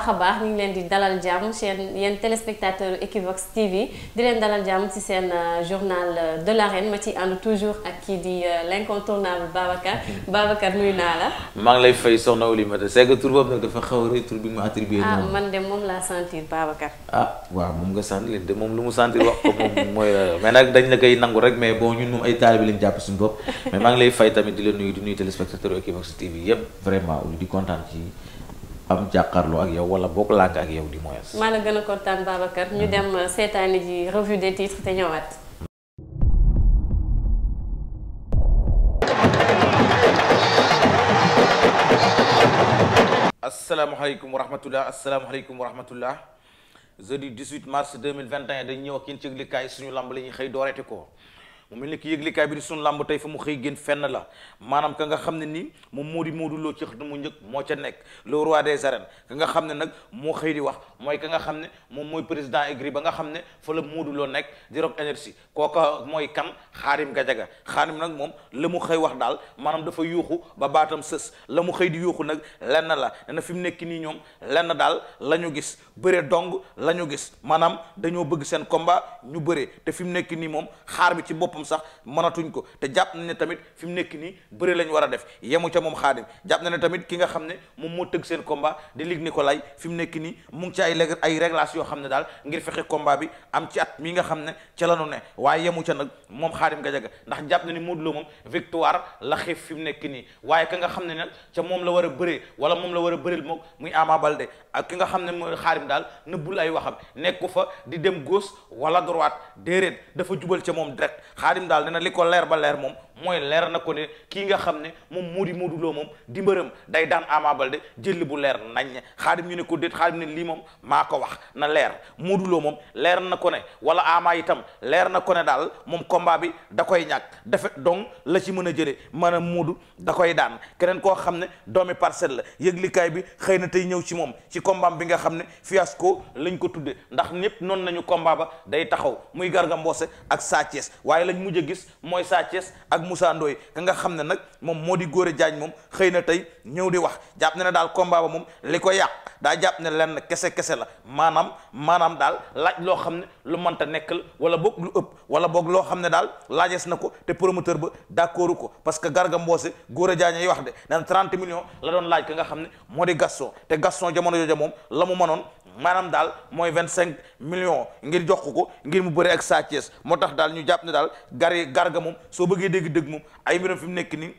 baax a baax ñu ngi leen di dalal jàmm seen yéen téléspectateur Equivox TV di leen dalal jàmm ci seen euh, journal euh, de l'arène ma ciy ànd toujours ak kii di euh, l'incontournable Babacar Babacar nuyu naa la. maa ngi lay fay soxna Oulimata c'est que tur boobu dafa xaw a tur bi mu attribué. ah man de moom laa sentir Babacar. ah waaw moom nga sentir leen de moom lu mu sentir wax ko moom mooy mais nag dañ la koy nangu rek mais bon ñun moom ay taalibe lañ jàpp suñu bopp mais maa ngi lay fay tamit di leen nuyu di nuyu téléspectateur Equivox TV yëpp vraiment di kontaan ci. am jàkkaarloo ak yow wala bokk làkk ak yow di moins. maa la gën a kontaan Babacar ñu dem seetaani ji revue des titres te ñëwaat. asalaamaaleykum wa rahmatulah asalaamaaleykum wa rahmatulah jeudi 18 mars dañ ñëw ak yéen ci yëglikaay suñu lamb la xëy dooreeti ko. mu mel ni ki bi di sunu làmb tey fa mu xëy génn fenn la maanaam ka nga xam ne nii moom moo di Modou Lo ci xët mu njëkk moo ca nekk le roi des arènes ka nga xam ne nag moo xëy di wax mooy ka nga xam ne moom mooy président écurie ba nga xam ne fa la nekk di Rock Énergie mooy kan Xaarim Gajaga Xaarim nag moom la mu xëy wax daal maanaam dafa yuuxu ba baatam sës la mu xëy di yuuxu nag lenn la dana fi mu nekk nii ñoom lenn daal la ñu gis bëree dong la ñu gis maanaam dañoo bëgg seen combat ñu bëree te fi mu nekk nii moom xaar bi ci bopp boppam sax manatuñ ko te jàpp na ne tamit fi mu nekk nii bëri lañ war a def yemu ca moom xaadim jàpp na ne tamit ki nga xam ne moom moo tëgg seen combat di Luc Nicolaï fi mu nekk nii mu ca ay lég ay réglages yoo xam ne daal ngir fexe komba bi am ci at mii nga xam ne ca la nu ne waaye yemu ca nag moom xaadim Gadiaga ndax jàpp na ni Modou Lo moom victoire la xeef fi mu nekk nii waaye ka nga xam ne nag ca moom la war a bëree wala moom la war a bëril moom muy Ama Baldé ak ki nga xam ne mooy xaarim daal nëbbul ay waxam nekku fa di dem gos wala droite déedéet dafa jubal ca moom direct xaarim daal ne na li ko leer ba leer moom mooy leer na ko ne kii nga xam ne moom moo di Modou Lo moom di mbërëm day daan Ama Baldé jël bu leer nañ xaadim ñu ne ko déet xaadim ne lii moom maa ko wax na leer muuduloo moom leer na ko ne wala Ama itam leer na ko ne daal moom combat bi da koy ñàkk defet donc la ci mën a jëlee maanaam Modou da koy daan keneen koo xam ne doomi parcelle la yëglikaay bi xëy na tey ñëw ci moom ci combat bi nga xam ne fiasco lañ ko tudde ndax ñëpp noonu nañu combat ba day taxaw muy Garga Mbossé ak Sa Moussa Ndoye ka nga xam ne nag moom moo di góor a Diagne moom xëy na tey ñëw di wax jàpp na ne daal combat ba moom li ko yàq daa jàpp ne lenn kese kese la maanaam maanaam daal laaj loo xam ne lu mënta nekkal wala boog lu ëpp wala boog loo xam ne daal laajees na ko te promoteur ba d'accordu ko parce que Garga Mbossé góor a jaañay wax de naan 30 million la doon laaj ka nga xam ne moo di Gaston te Gaston jamono jooja moom la mu mënoon maanaam daal mooy vingt cinq million ngir jox ko ngir mu bëre ak Sa moo tax daal ñu jàpp ne daal gar Garga moom soo bëggee dégg dëgg moom ay mbiram fi mu nekk nii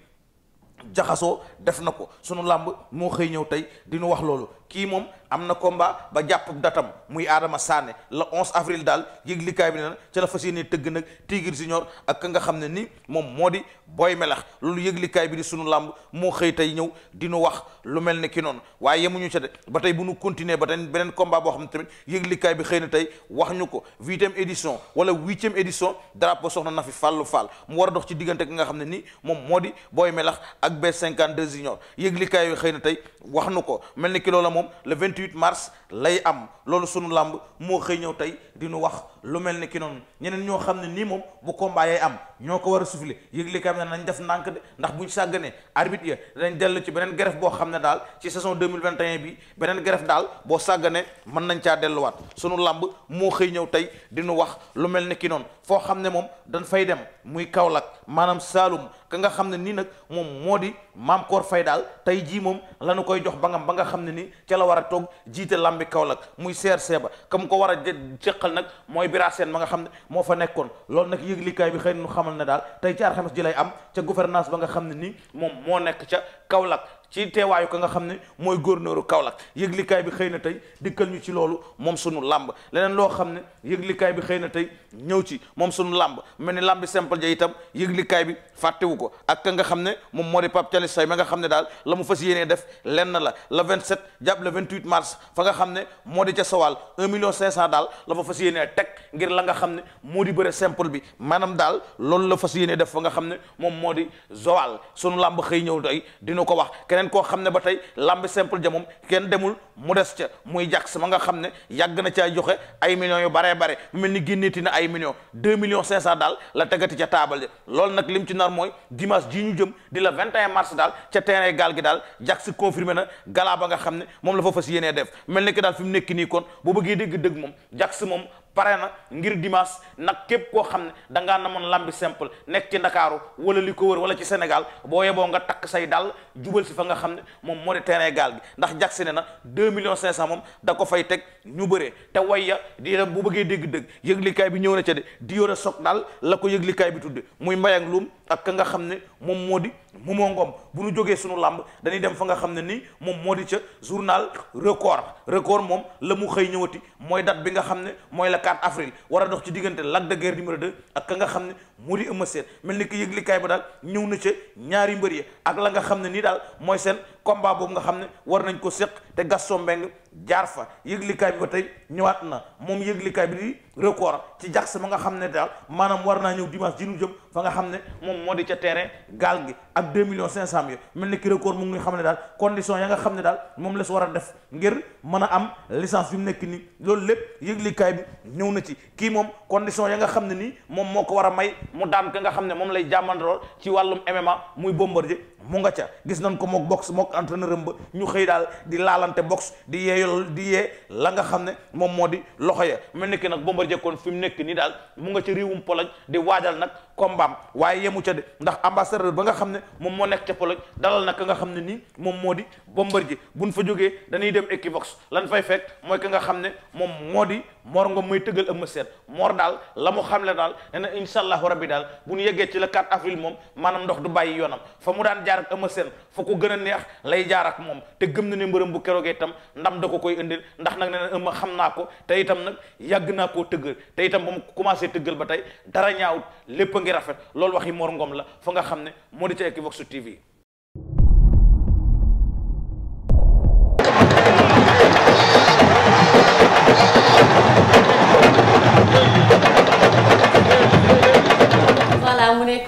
jaxasoo def na ko sunu làmb moo xëy ñëw tey di wax loolu kii moom am na combat ba jàpp datam muy Adama Sané le 11 avril daal yëglikaay bi ne na ca la fas yéene tëgg nag Tigre Junior ak ka nga xam ne nii moom moo di booy Melax loolu yëglikaay bi di sunu làmb moo xëy tey ñëw di nu wax lu mel ne ki noonu waaye yemuñu ca de ba tey bu nu continuer ba tey beneen combat boo xam ne tamit yëglikaay bi xëy na tey wax ñu ko huitième édition wala huitième édition drapeau soxna na fi fàllu fàll mu war dox ci diggante ki nga xam ne ni moom di Boy Melax ak B52 Junior yëglikaay bi xëy na tey wax nu ko mel ne ki loola moom le 28 mars lay am loolu sunu làmb moo xëy ñëw tey di nu wax lu mel ni ki noonu ñeneen ñoo xam ne nii moom bu combat am ñoo ko war a soufflé yëgle kam na nañ def ndànk de ndax buñ sàgganee arbitre ya danañ dellu ci beneen greffe boo xam ne daal ci saison 2021 bi beneen greffe daal boo sàgganee mën nañ caa delluwaat sunu làmb moo xëy ñëw tey di wax lu mel ni ki noonu foo xam ne moom dañ fay dem muy Kaolack maanaam Saalum ka nga xam ne nii nag moom moo di maam koor fay daal tey jii moom la nu koy jox ba nga ba nga xam ne ni ca la war a toog jiite lambi Kaolack muy CRC ba kam ko war a jëqal nag mooy biraseen ma nga xam ne moo fa nekkoon loolu nag yëglikaay bi xëy na nu xamal ne daal tey ci alxames ji lay am ca gouvernance ba nga xam ne nii moom moo nekk ca Kaolack ci teewaayu ka nga xam ne mooy gouverneur Kaolack yëglikaay bi xëy na tey dikkal ñu ci loolu moom sunu làmb leneen loo xam ne yëglikaay bi xëy na tey ñëw ci moom sunu làmb mel ni làmb simple ja itam yëglikaay bi fàttewu ko ak ka nga xam ne moom moo di Pape Say ma nga xam ne daal la mu fas yéenee def lenn la le 27 jàpp le 28 mars fa nga xam ne moo di ca sawaal 1 million 500 daal la fa fas yéenee teg ngir la nga xam ne moo di bëre simple bi maanaam daal loolu la fas yéenee def fa nga xam ne moom moo di Joal sunu làmb xëy ñëw tey dina ko wax keneen koo xam ne ba tey lamb simple ja moom kenn demul mu des ca muy jàk sama nga xam ne yàgg na caa joxe ay millions yu baree bare mu mel ni génneeti na ay millions deux millions cinq cent daal la tegati ca taabal ja loolu nag lim ci nar mooy dimanche ji ñu jëm di la 21 mars daal ca terrain gaal gi daal jàk si confirmé na galaa ba nga xam ne moom la fa fas yéenee def mel ni que daal fi mu nii kon bu bëggee dégg dëgg moom jàk moom pare na ngir dimaas nag képp koo xam ne dangaa namoon lambi simple nekk ci ndakaaru wala li ko wër wala ci Sénégal boo yeboo nga takk say dal jubal si fa nga xam ne moom moo di terrain gaal gi ndax jag si ne na deux millions cinq cent moom da ko fay teg ñu bëree te wayya di bu bëggee dégg-dégg yëglikaay bi ñëw na ca de di yore soog daal la ko yëglikaay bi tudde muy mbayang luum ak ka nga xam ne moom moo di Momo Ngom bu ñu jógee sunu làmb dañuy dem fa nga xam ne nii moom moo di ca journal record record moom la mu xëy ñëwati mooy date bi nga xam ne mooy la 4 avril war a dox ci diggante Lac de Guiers numéro 2 ak nga xam ne moo di Eumeu Sène mel ni ki yëglikaay ba daal ñëw na ca ñaari mbër yi ak la nga xam ne nii daal mooy seen combat boobu nga xam ne war nañ ko séq te Gaston Mbengue jaar fa yëglikaay bi ba tey ñëwaat na moom yëglikaay bi di record ci jax ma nga xam ne daal maanaam war naa ñëw dimanche ji nu jëm fa nga xam ne moom moo di ca terrain gaal gi ak deux millions cinq cent mille mel ni ki record mu ngi xam ne nga xam ne daal moom la su war a def ngir mën am licence bi mu nekk nii loolu lépp yëglikaay bi ñëw na ci kii moom condition ya nga xam ne nii moom moo ko war a may mu daan ka nga xam ne moom lay jàmmandoor ci wàllum MMA muy Bombardier mu nga ca gis nañ ko mook box mook mook entraîneur ba ñu xëy daal di laalante box di yeeyol di yee la nga xam ne moom moo di loxo ya mu nekk nag Bombardier kon fi mu nekk nii daal mu nga ci réewum Pologne di waajal nag kombaam waaye yemu ca de ndax ambassadeur ba nga xam ne moom moo nekk ca Pologne dalal nag ka nga xam ne nii moom moo di Bombardier buñ fa jógee dañuy dem Equivox lan fay fekk mooy ka nga xam ne moom moo di moor nga muy tëggal ëmma seet moor daal la mu xamle daal nee na incha allahu rabbi daal bu ñu yeggee ci la 4 avril moom maanaam ndox du bàyyi yoonam fa mu daan jaar ak ëmma seen fa ko gën a neex lay jaar ak moom te gëm na ne mbërëm bu keroogee itam ndam da ko koy indil ndax nag nee na ma xam naa ko te itam nag yàgg naa koo tëggal te itam ba mu commencé tëggal ba tey dara ñaawut lépp a ngi rafet lool waxi Mor Ngom la fa nga xam ne moo di ca Equivox TV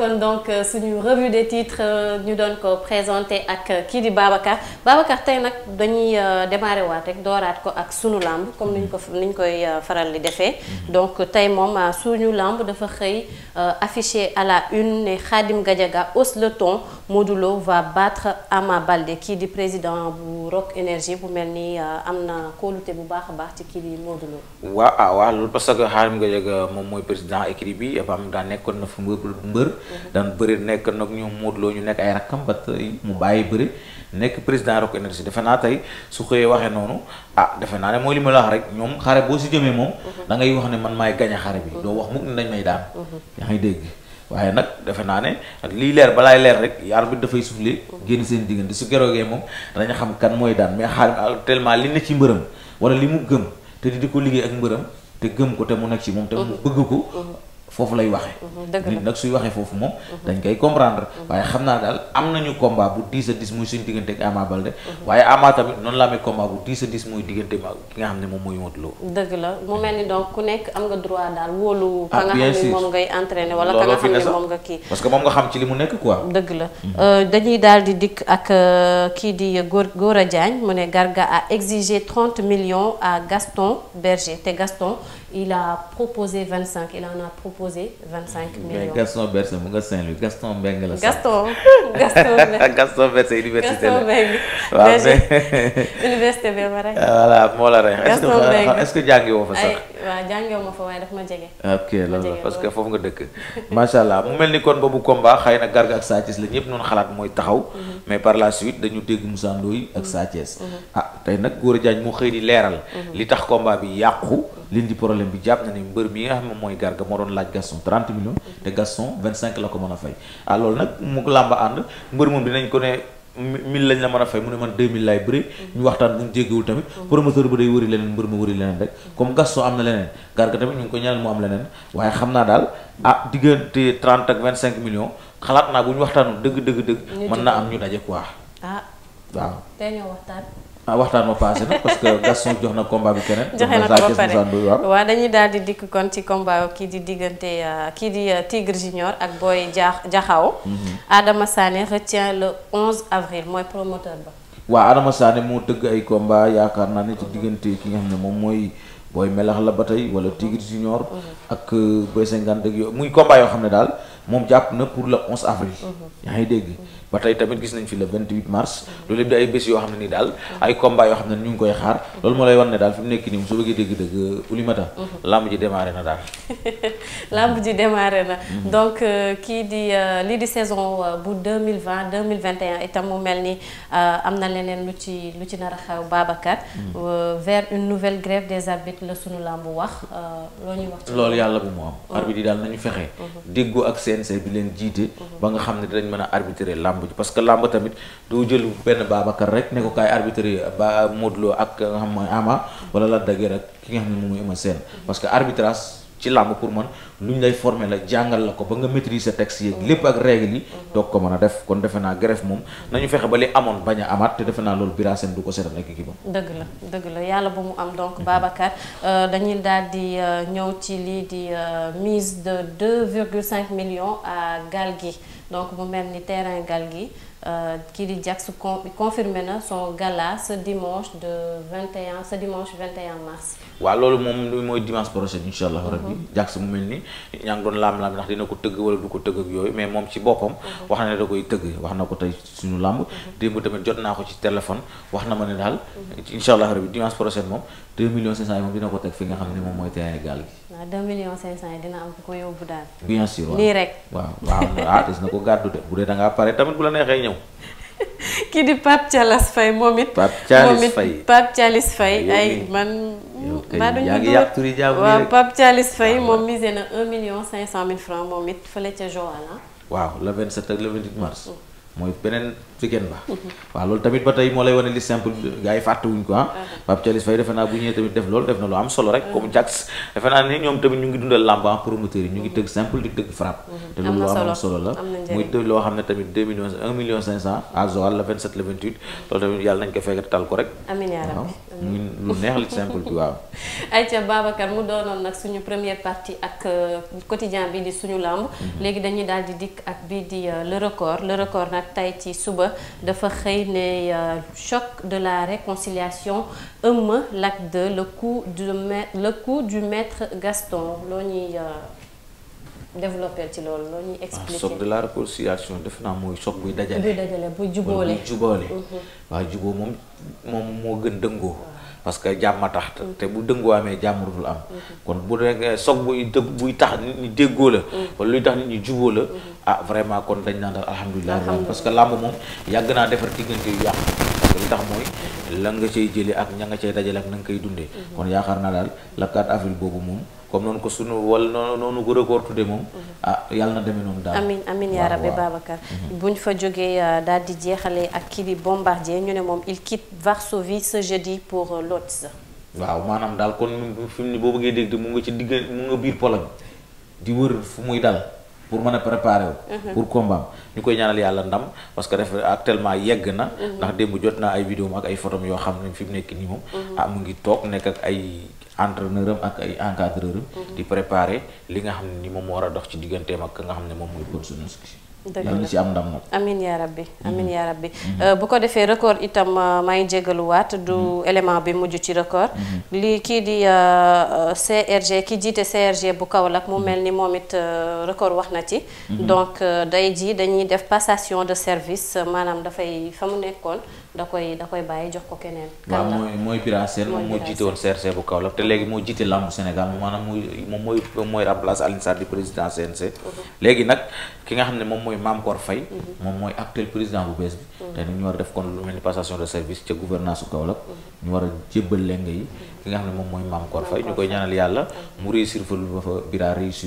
nekkoon donc euh, suñu revue des titres euh, ñu doon ko présenté ak euh, kii di Babacar Babacar tey nag dañuy démarré waat rek dooraat ko ak suñu làmb comme niñ ko niñ koy faral di defee donc tey moom suñu làmb dafa xëy affiché à la une ne Khadim Gadiaga hausse le ton Modou Lo va battre Ama Baldé kii di président bu Rock Énergie bu mel ni am na kóolute bu baax a baax ci kii di Modou Lo. waaw ah waaw loolu parce que Khadim Gadiaga moom mooy président écurie bi ba am daa nekkoon na fu mbër daan bëri nekk nag ñu muutloo ñu nekk ay rakkam ba tey mu bàyyi bëri nekk président Rock Énergie defe naa tey su xëyee waxee noonu ah defe naa ne mooy li ma la wax rek boo si jëmee moom mhm. da ngay wax ne man maay gañe xare bi mhm. doo wax mukk ne dañ may daan mhm. yaa ngi dégg waaye nag defe naa ne lii leer balaay leer rek yaar bi dafay soufflé génn seen diggante su geroogee moom dañu xam kan mooy daan mais xaar ah, tellement li ne ci mbërëm wala li mu gëm te di ko liggéey ak mbërëm te gëm ko te mu nekk ci foofu lay waxee. Mhm, nit nag suy waxee foofu moom. Mhm. dañ koy comprendre. Mhm. waaye xam naa daal am nañu combat bu diis a diis muy suñu diggante ak Ama Balde. a diis muy diggante ma ki nga xam ne moom mooy Modou Lo. dëgg la mu mel ni donc ku nekk am nga droit daal wóolu. Ah, ka nga xam ne moom ngay entraîner wala ka nga xam ne moom nga kii. parce que moom nga xam ci li mu nekk quoi. dëgg la euh, dañuy daal di dikk ak euh, kii di góor Gora Diagne mu ne Garga a exigé 30 millions à Gaston Berger te Gaston. il a proposé vingt cinq il en a proposé vingt cinq millions. Gaston Berger mu nga Saint-Louis Gaston Mbengue la. Gaston Gaston Mbengue université la Gaston Mbengue. moo la rey. Gaston Mbengue est-ce que woo fa sax. waaw jàngi woo ma fa waaye daf ma jege. ok loolu la parce que foofu nga dëkk. macha allah mu mel ni kon boobu combat xay na Garga ak Sa Thiès yëpp noonu xalaat mooy taxaw. Mhm. mais par la suite dañu dégg Moussa ak Sa Thiès. Mhm. ah tey nag Gora Diagne mu xëy di leeral. Mhm. li tax combat bi yàqu li di problème. problème bi jàpp na ni mbër mi nga mooy Garga moo doon laaj Gaston 30 millions te Gaston 25 la ko mën a fay ah loolu nag mu làmba ànd mbër moom dinañ ko ne mille lañ la mën a fay mu ne man 2000 laay bëri ñu waxtaan bu ñu jéggiwul tamit promoteur bi day wëri leneen mbër ma wëri leneen rek comme Gaston am na leneen Garga tamit ñu ngi ko mu am leneen waaye xam naa daal ah diggante 30 ak 25 millions xalaat naa bu ñu waxtaanu dëgg dëgg dëgg mën na am ñu daje quoi ah waaw tey ñoo waxtaan ah waxtaan ma passé na parce que Gaston jox na combat bi keneen. joxe na ko ba pare waaw dañuy daal di dikk kon ci combat kii di diggante euh, kii di euh, Tigre Junior ak booy jaax jaxaw Adama Sané retient le 11 avril mooy promoteur ba. waaw Adama Sané moo tëgg ay combat yaakaar naa ne ci diggante ki nga xam ne moom mooy Boy Melax la ba tey wala Tigre Junior. Mhm. ak euh, Boy 50 ak yooyu muy combat yoo xam ne daal. moom jàpp na pour le 11 avril. Mhm. yaa ngi dégg ba tamit gis nañ fi le 28 mars loolu yëpp di ay yoo xam ne ni daal mhm. ay combat yoo ne ñu koy xaar mhm. loolu moo lay wan ne daal fi mu nekk nii soo bëggee dégg-dëgg Oulimata. ji démarré na daal. Euh, kii di euh, lii di saison euh, bu 2020 2021 itam mu mel ni am na leneen lu ci lu ci nar a xew Babacar. vers une nouvelle grève des arbitres la sunu lamb wax loo ñuy loolu yàlla bu mu am. arbitre yi daal nañu fexe. déggoo ak CNC bi leen jiite. ba nga xam ne dinañ mën a arbitrer làmb ji parce que làmb tamit doo jël benn Babacar rek ne ko kaay arbitrer ba Modou Lo ak nga xam mooy Ama wala la dagee rek ki nga xam ne moom mooy Eumeu Sène parce que arbitrage. ci làmb pour man lu ñu lay former la jàngal la ko ba nga maîtriser texte yi lépp ak règle yi doog ko mën a def kon defe naa greffe moom nañu fexe ba li amoon bañ a amaat te defe naa loolu Bira Sène du ko seetal ak équipe am dëgg la dëgg la yàlla bu mu am donc Babacar euh, dañuy daal di euh, ñëw ci lii di euh, mise de 2,5 millions à Galgui donc mu mel ni terrain gi Euh, kii di Jax confirmé na son gala ce dimanche de 21 ce dimanche 21 mars. waaw loolu moom mooy dimanche prochain incha allah rabbi mhm. Jax mu mel ni ñaa doon laam-laam ndax dina ko tëgg wala du ko tëgg yooyu mais moom ci boppam. Mhm. wax na ne da koy tëgg wax na ko tey suñu làmb. Mhm. démb tamit na ma ne daal. incha allah rabbi dimanche prochain moom 2 millions 500 yi moom dina ko teg fi nga xam ne moom mooy terrain gaal gi. waaw 2 millions 500 yi dina am ku ko yóbbu daal. bien sûr nii rek. da ngaa pare tamit bu kii di Pape Thialis Faye moom it. Pape Thialis Faye Pape Thialis Faye ay man. maa du ñu dóor waaw Pape Thialis Faye ah, moom misé na 1 million 500 mille francs moom it fële ca Joal ah. waaw le 27 ak le 28 mars. Mm. mooy beneen. weekend ba waaw loolu tamit ba tey moo lay wane li simple gars yi fàttewuñ ko ah uh-huh. Pape Thialis Faye defe naa bu tamit def loolu def na lu am solo rek comme uh-huh. Jax defe naa ne ñoom tamit ñu ngi dundal làmb en ah, promoteur yi ñu ngi uh-huh. tëgg simple di tëgg frappe te loolu lu am solo la muy loo xam ne tamit deux millions un million cinq cent à Joal le 27 le loolu tamit yàlla nañ ko fekk tal ko rek amiin yaa rabbi lu neex li simple bi waaw ayca Babacar mu dafa xëy ne euh, choc de la réconciliation ëmm l'acte 2 le coup du le Gaston loo ñuy euh, développé ci loolu loo ñuy expliqué. choc de la réconciliation def naa mooy choc buy dajale. buy dajale buy jubóole mm-hmm. waaw jubóo moom moom moo gën dëngoo. parce que jàmm a tax te bu dëngoo amee jàmm dul am kon bu rek soog buy buy tax nit ñi déggoo la wala luy tax nit ñi juboo la ah vraiment kon dañ naan daal alhamdulilah parce que làmb moom yàgg naa defar diggante yu yàq parce que li tax mooy la nga cay jëlee ak ña nga cay dajale ak na nga koy dundee kon yaakaar naa daal la 4 avril boobu moom comme noonu ko sunu wala noonu noonu ko record tudde moom. Mhm. ah yal na demee noonu daal. amiin amiin yaa rabbi Babacar. Mhm. bu ñu fa jógee euh, daal di jeexale ak kii di Bombardier ñu ne moom il quitte Varsovie ce jeudi pour Łódź. Euh, waaw maanaam daal kon fi mu ne boo bëggee dégg mu nga ci digg mu nga biir Pologne di wër fu muy dal. pour mën a préparer mhm. pour combat ñu koy ñaanal yàlla ndam parce que ref actuellement yegg na. ndax démb jot naa ay vidéo ak ay photos yoo xam ne fi mu nekk entraîneur am ak ay encadreur mhm. di préparer li nga xam ne ni moom moo war a dox ci digganteem ak ka nga xam ne moom mooy coach Sunuski yàlla na ci am ndam nag amin yaa rabbi mhm. amin yaa rabbi mhm. euh, bu ko defee record itam euh, maa ngi jégaluwaat du élément bi mujj ci record li kii di euh, CRG ki jiite CRG bu Kaolack mu mel ni moom it record wax na ci donc day ji dañuy def passation de service maanaam dafay fa mu nekkoon da koy da koy bàyyi jox ko keneen. waaw mooy mooy Bira Sène moom moo jiite woon CNG bu Kaolack te léegi moo jiite làmb Sénégal maanaam muy moom mooy mooy remplace Alioune Sarr di président CNG. Mhm. nag ki nga xam ne moom mooy Mame Kor mhm. moom mooy actuel président bu bees bi. Mhm. te ñu war def kon lu mel ni passation de service ca gouvernance bu Kaolack. ñu war a jébbal lenge yi. ki nga xam ne moom mooy maam Kor Faye ñu koy ñaanal yàlla mu réussir fa lu fa biraa def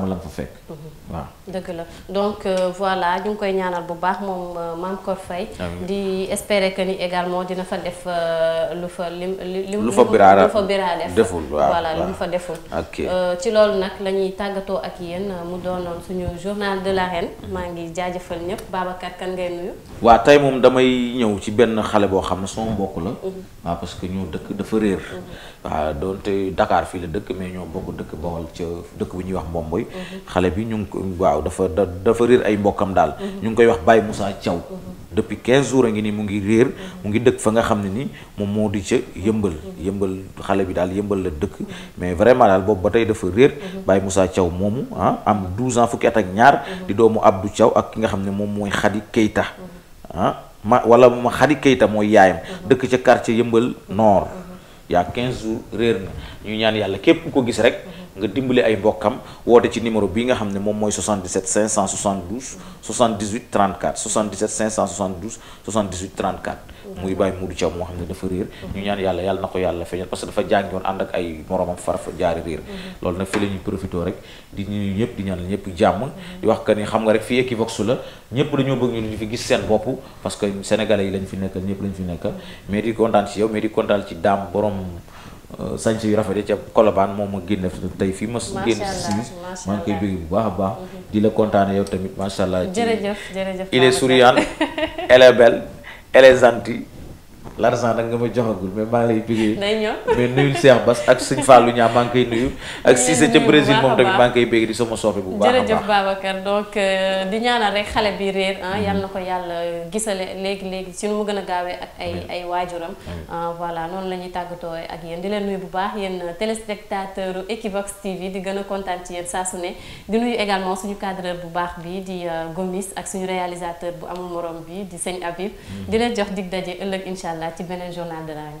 bi nga la fa fekk mhm. euh, ñu ngi koy ñaanal bu baax moom euh, maam Kor Faye di espérer que ni également dina fa def euh, lu fa lim lim lu biraa lu fa biraa def deful voilà lu mu fa deful ci loolu nag la tàggatoo ak yéen mu doonoon suñu journal de l'arène maa ngi jaajëfal ñëpp Babacar kan ngay nuyu. waa tey moom damay ñëw ci benn xale boo xam ne sama mbokk la. Mhm. waaw parce que ñu dëkk dafa réer. Mhm. waaw doonte Dakar fii la dëkk mais ñoo bokk dëkk Bawol ca ñuy wax Mbomboy. Mhm. xale bi ñu ngi ko waaw dafa ay mbokkam daal. ñu ngi koy wax Baye Moussa Thiaw. depuis 15 jours a ngi mu ngi réer mu ngi dëkk fa nga xam ni moom moo di ca yëmbal yëmbal bi daal yëmbal la dëkk mais vraiment daal boobu ba tey dafa réer Baye Moussa Thiaw moomu ah, am 12 ans fukki fukki at ak ñaar mhm. di doomu Abdou Thiaw ak ki nga xam ne moom mooy Khady Keita ah ma wala ma Khady Keita mooy yaayam mhm. dëkk ca quartier yëmbal nord mhm. yaa quinze jours réer na ñu ñaan yàlla képp ku ko gis rek nga dimbali ay mbokkam woote ci numéro bi nga xam ne moom mooy 77 572 78 34 77 572 78 34. muy Baye Modou Thiaw moo xam ne dafa réer mhm. ñu ñaan yàlla yàlla na ko yàlla feeñal parce que dafa jàngi woon ànd ak ay moromam farfa jaari réer mhm. loolu nag fi la ñuy rek di ñuy ñëpp di ñaanal ñëpp jàmm di wax que xam nga rek fii Equivox la ñëpp dañoo bëgg ñu ñu fi gis seen bopp sañse yu rafet ca Colobane moom ma génn tey fii ma génn si maa ngi koy bëgg bu baax a baax mhm. di la kontaane yow tamit macha allah jërëjëf jërëjëf il est souriant elle est l'argent nag nga ma joxagul mais maa lay bëggee. nay ñëw mais nuyul Cheikh Bass ak sëñ Fallou Niang maa ngi koy nuyu. ak Cissé ca Brésil baax a baax jërëjëf euh, di ñaanal rek xale bi réer ah na ko yàlla gisale léegi léegi si gën a gaawee ak ay waajuram. Euh, voilà noonu la ñuy tàggatoo ak yéen di leen nuyu bu baax yéen téléspectateur Equivox TV di gën a kontaan ci yéen saa su ne di nuyu également suñu cadreur bu baax bi di euh, Gomis ak suñu réalisateur bu amul morom bi di sëñ Habib mm-hmm. di leen jox dig daje ëllëg incha allah allah ci beneen journal de l'arène